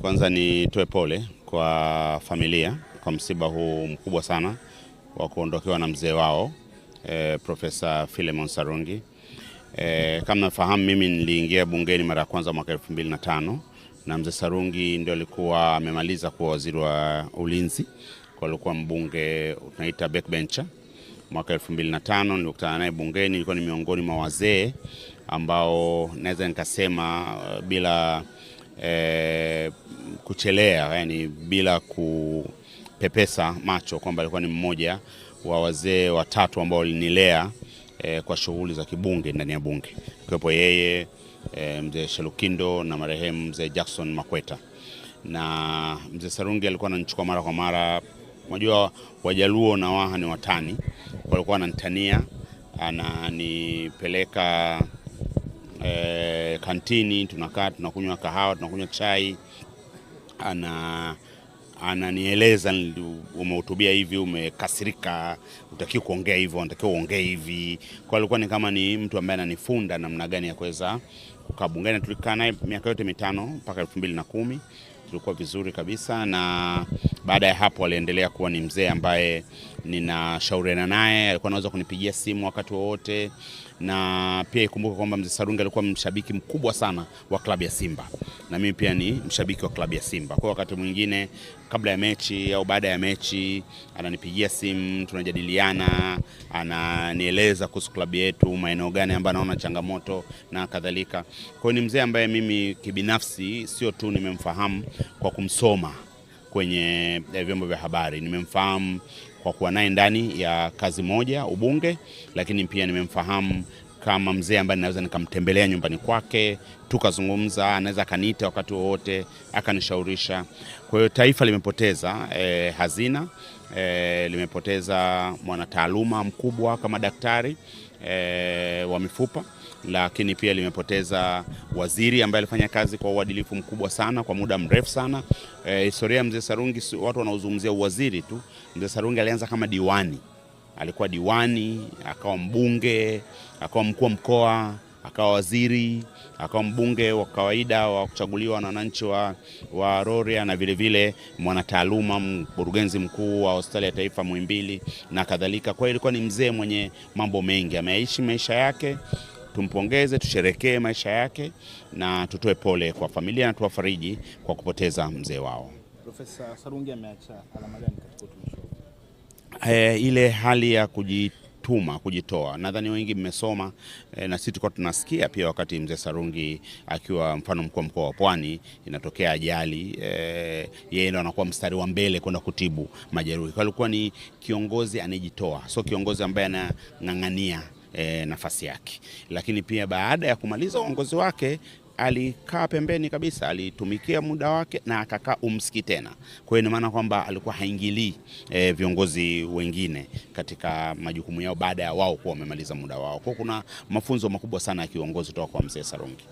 Kwanza nitoe pole kwa familia kwa msiba huu mkubwa sana wa kuondokewa na mzee wao e, eh, Profesa Philemon Sarungi. E, kama nafahamu mimi niliingia bungeni mara ya kwanza mwaka elfu mbili na tano na mzee Sarungi ndio alikuwa amemaliza kuwa waziri wa ulinzi, kwa alikuwa mbunge tunaita backbencher. Mwaka elfu mbili na tano nilikutana naye bungeni, nilikuwa ni miongoni mwa wazee ambao naweza nikasema eh, bila e, kuchelea yani, bila kupepesa macho kwamba alikuwa ni mmoja wa wazee watatu ambao walinilea e, kwa shughuli za kibunge ndani ya bunge, kiwepo yeye e, mzee Shelukindo na marehemu mzee Jackson Makweta. Na mzee Sarungi alikuwa ananichukua mara kwa mara. Unajua Wajaluo na Waha ni watani, walikuwa wananitania, ananipeleka e, kantini tunakaa tunakunywa kahawa tunakunywa chai, ana ananieleza umehutubia hivi, umekasirika, utakiwa kuongea hivyo, unatakiwa uongee hivi. Kwa alikuwa ni kama ni mtu ambaye ananifunda namna gani ya kuweza kukaa bungeni. Tulikaa naye miaka yote mitano mpaka elfu mbili na kumi tulikuwa vizuri kabisa na baada ya hapo aliendelea kuwa ni mzee ambaye ninashauriana naye, alikuwa anaweza kunipigia simu wakati wowote, na pia ikumbuke kwamba mzee Sarungi alikuwa mshabiki mkubwa sana wa klabu ya Simba na mimi pia ni mshabiki wa klabu ya Simba. Kwa wakati mwingine kabla ya mechi au baada ya mechi ananipigia simu, tunajadiliana, ananieleza kuhusu klabu yetu, maeneo gani ambayo anaona changamoto na kadhalika. Kwa hiyo ni mzee ambaye mimi kibinafsi sio tu nimemfahamu kwa kumsoma kwenye eh, vyombo vya habari. Nimemfahamu kwa kuwa naye ndani ya kazi moja ubunge, lakini pia nimemfahamu kama mzee ambaye naweza nikamtembelea nyumbani kwake tukazungumza, anaweza akaniita wakati wowote akanishaurisha Kwa hiyo taifa limepoteza e, hazina e, limepoteza mwanataaluma mkubwa kama daktari e, wa mifupa lakini pia limepoteza waziri ambaye alifanya kazi kwa uadilifu mkubwa sana kwa muda mrefu sana. E, historia ya mzee Sarungi watu wanaozungumzia uwaziri tu. Mzee Sarungi alianza kama diwani, alikuwa diwani, akawa mbunge, akawa mkuu wa mkoa, akawa waziri, akawa mbunge wa kawaida wa kuchaguliwa na wananchi wa, wa Rorya na vilevile mwanataaluma, mkurugenzi mkuu wa hospitali ya taifa Muhimbili na kadhalika. Kwa hiyo ilikuwa ni mzee mwenye mambo mengi, ameishi maisha yake tumpongeze, tusherekee maisha yake na tutoe pole kwa familia na tuwafariji kwa kupoteza mzee wao. Profesa Sarungi ameacha alama gani katika utumishi? Eh, ile hali ya kuji tuma kujitoa. Nadhani wengi mmesoma e, na sisi tulikuwa tunasikia pia wakati mzee Sarungi akiwa mfano mkuu wa mkoa wa Pwani, inatokea ajali e, yeye ndo anakuwa mstari wa mbele kwenda kutibu majeruhi. Alikuwa ni kiongozi anayejitoa, sio kiongozi ambaye anang'ang'ania e, nafasi yake. Lakini pia baada ya kumaliza uongozi wake alikaa pembeni kabisa, alitumikia muda wake na akakaa umsiki tena. Kwa hiyo maana kwamba alikuwa haingilii e, viongozi wengine katika majukumu yao baada ya wao kuwa wamemaliza muda wao. Kwa kuna mafunzo makubwa sana ya kiuongozi kutoka kwa mzee Sarungi.